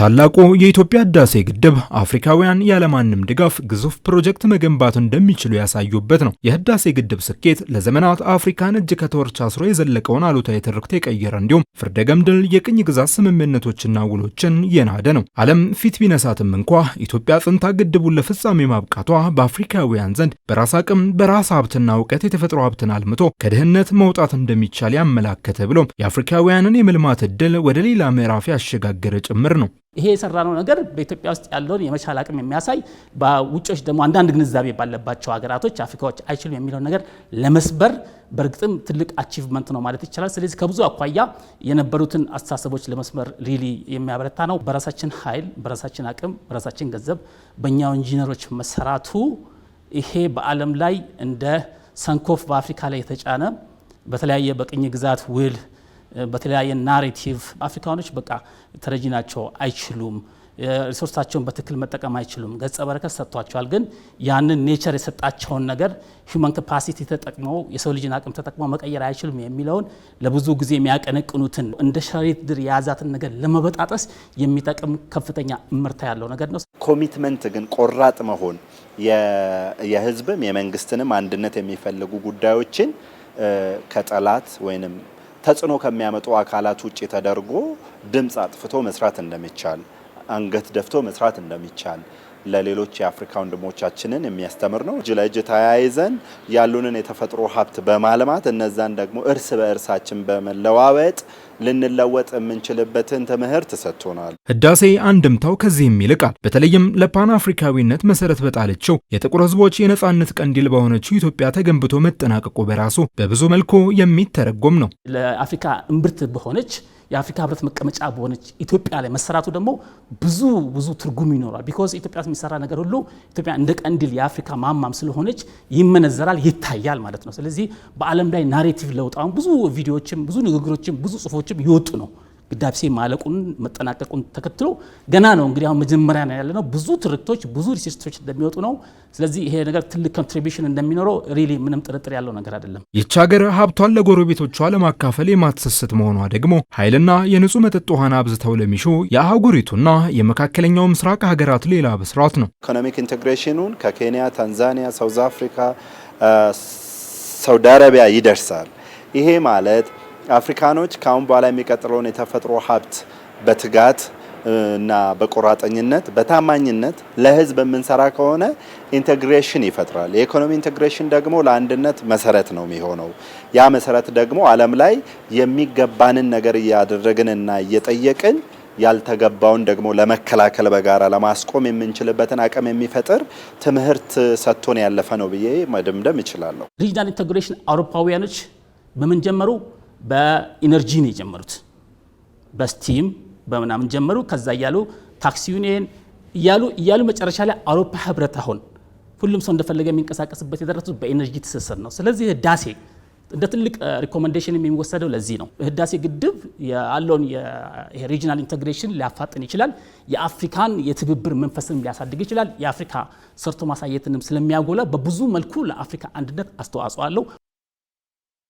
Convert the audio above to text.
ታላቁ የኢትዮጵያ ህዳሴ ግድብ አፍሪካውያን ያለማንም ድጋፍ ግዙፍ ፕሮጀክት መገንባት እንደሚችሉ ያሳዩበት ነው። የህዳሴ ግድብ ስኬት ለዘመናት አፍሪካን እጅ ከተወርች አስሮ የዘለቀውን አሉታዊ ትርክት የቀየረ እንዲሁም ፍርደ ገምድል የቅኝ ግዛት ስምምነቶችና ውሎችን የናደ ነው። ዓለም ፊት ቢነሳትም እንኳ ኢትዮጵያ ጽንታ ግድቡን ለፍጻሜ ማብቃቷ በአፍሪካውያን ዘንድ በራስ አቅም፣ በራስ ሀብትና እውቀት የተፈጥሮ ሀብትን አልምቶ ከድህነት መውጣት እንደሚቻል ያመላከተ ብሎም የአፍሪካውያንን የመልማት ዕድል ወደ ሌላ ምዕራፍ ያሸጋገረ ጭምር ነው። ይሄ የሰራነው ነገር በኢትዮጵያ ውስጥ ያለውን የመቻል አቅም የሚያሳይ በውጮች ደግሞ አንዳንድ ግንዛቤ ባለባቸው ሀገራቶች አፍሪካዎች አይችሉም የሚለውን ነገር ለመስበር በእርግጥም ትልቅ አቺቭመንት ነው ማለት ይቻላል። ስለዚህ ከብዙ አኳያ የነበሩትን አስተሳሰቦች ለመስመር ሪሊ የሚያበረታ ነው። በራሳችን ኃይል፣ በራሳችን አቅም፣ በራሳችን ገንዘብ በእኛው ኢንጂነሮች መሰራቱ ይሄ በዓለም ላይ እንደ ሰንኮፍ በአፍሪካ ላይ የተጫነ በተለያየ በቅኝ ግዛት ውል በተለያየ ናሬቲቭ አፍሪካኖች በቃ ተረጂ ናቸው፣ አይችሉም፣ ሪሶርሳቸውን በትክክል መጠቀም አይችሉም። ገጸ በረከት ሰጥቷቸዋል። ግን ያንን ኔቸር የሰጣቸውን ነገር ሂውማን ካፓሲቲ ተጠቅመው የሰው ልጅን አቅም ተጠቅመው መቀየር አይችሉም የሚለውን ለብዙ ጊዜ የሚያቀነቅኑትን እንደ ሸረሪት ድር የያዛትን ነገር ለመበጣጠስ የሚጠቅም ከፍተኛ እምርታ ያለው ነገር ነው። ኮሚትመንት ግን ቆራጥ መሆን የህዝብም የመንግስትንም አንድነት የሚፈልጉ ጉዳዮችን ከጠላት ወይንም ተጽዕኖ ከሚያመጡ አካላት ውጭ ተደርጎ ድምፅ አጥፍቶ መስራት እንደሚቻል፣ አንገት ደፍቶ መስራት እንደሚቻል ለሌሎች የአፍሪካ ወንድሞቻችንን የሚያስተምር ነው። እጅ ለእጅ ተያይዘን ያሉንን የተፈጥሮ ሀብት በማልማት እነዛን ደግሞ እርስ በእርሳችን በመለዋወጥ ልንለወጥ የምንችልበትን ትምህርት ሰጥቶናል። ህዳሴ አንድምታው ከዚህም ይልቃል። በተለይም ለፓን አፍሪካዊነት መሰረት በጣለችው የጥቁር ህዝቦች የነጻነት ቀንዲል በሆነችው ኢትዮጵያ ተገንብቶ መጠናቀቁ በራሱ በብዙ መልኩ የሚተረጎም ነው። ለአፍሪካ እምብርት በሆነች የአፍሪካ ህብረት መቀመጫ በሆነች ኢትዮጵያ ላይ መሰራቱ ደግሞ ብዙ ብዙ ትርጉም ይኖራል። ቢኮዝ ኢትዮጵያ የሚሰራ ነገር ሁሉ ኢትዮጵያ እንደ ቀንዲል የአፍሪካ ማማም ስለሆነች ይመነዘራል፣ ይታያል ማለት ነው። ስለዚህ በዓለም ላይ ናሬቲቭ ለውጥ አሁን ብዙ ቪዲዮዎችም ብዙ ንግግሮችም ብዙ ጽሁፎች ፕሮጀክቶችም ይወጡ ነው። ግዳብሴ ማለቁን መጠናቀቁን ተከትሎ ገና ነው እንግዲህ አሁን መጀመሪያ ነው ብዙ ትርክቶች፣ ብዙ ሪሰርቾች እንደሚወጡ ነው። ስለዚህ ይሄ ነገር ትልቅ ኮንትሪቢሽን እንደሚኖረው ሪሊ ምንም ጥርጥር ያለው ነገር አይደለም። ይቺ ሀገር ሀብቷን ለጎረቤቶቿ ለማካፈል የማትሰስት መሆኗ ደግሞ ኃይልና የንጹህ መጠጥ ውሃን አብዝተው ለሚሹ የአህጉሪቱና የመካከለኛው ምስራቅ ሀገራት ሌላ ብስራት ነው። ኢኮኖሚክ ኢንቴግሬሽኑን ከኬንያ፣ ታንዛኒያ፣ ሳውዝ አፍሪካ፣ ሳውዲ አረቢያ ይደርሳል። ይሄ ማለት አፍሪካኖች ከአሁን በኋላ የሚቀጥለውን የተፈጥሮ ሀብት በትጋት እና በቆራጠኝነት በታማኝነት ለህዝብ የምንሰራ ከሆነ ኢንቴግሬሽን ይፈጥራል። የኢኮኖሚ ኢንቴግሬሽን ደግሞ ለአንድነት መሰረት ነው የሚሆነው። ያ መሰረት ደግሞ ዓለም ላይ የሚገባንን ነገር እያደረግንና እየጠየቅን ያልተገባውን ደግሞ ለመከላከል በጋራ ለማስቆም የምንችልበትን አቅም የሚፈጥር ትምህርት ሰጥቶን ያለፈ ነው ብዬ መደምደም እችላለሁ። ሪጅናል ኢንቴግሬሽን አውሮፓውያኖች በመንጀመሩ በኢነርጂ ነው የጀመሩት። በስቲም በምናምን ጀመሩ። ከዛ እያሉ ታክሲ ዩኒየን እያሉ እያሉ መጨረሻ ላይ አውሮፓ ህብረት አሁን ሁሉም ሰው እንደፈለገ የሚንቀሳቀስበት የደረሱት በኢነርጂ ትስስር ነው። ስለዚህ ህዳሴ እንደ ትልቅ ሪኮመንዴሽን የሚወሰደው ለዚህ ነው። ህዳሴ ግድብ ያለውን የሪጂናል ኢንቴግሬሽን ሊያፋጥን ይችላል። የአፍሪካን የትብብር መንፈስንም ሊያሳድግ ይችላል። የአፍሪካ ሰርቶ ማሳየትንም ስለሚያጎላ በብዙ መልኩ ለአፍሪካ አንድነት አስተዋጽኦ አለው።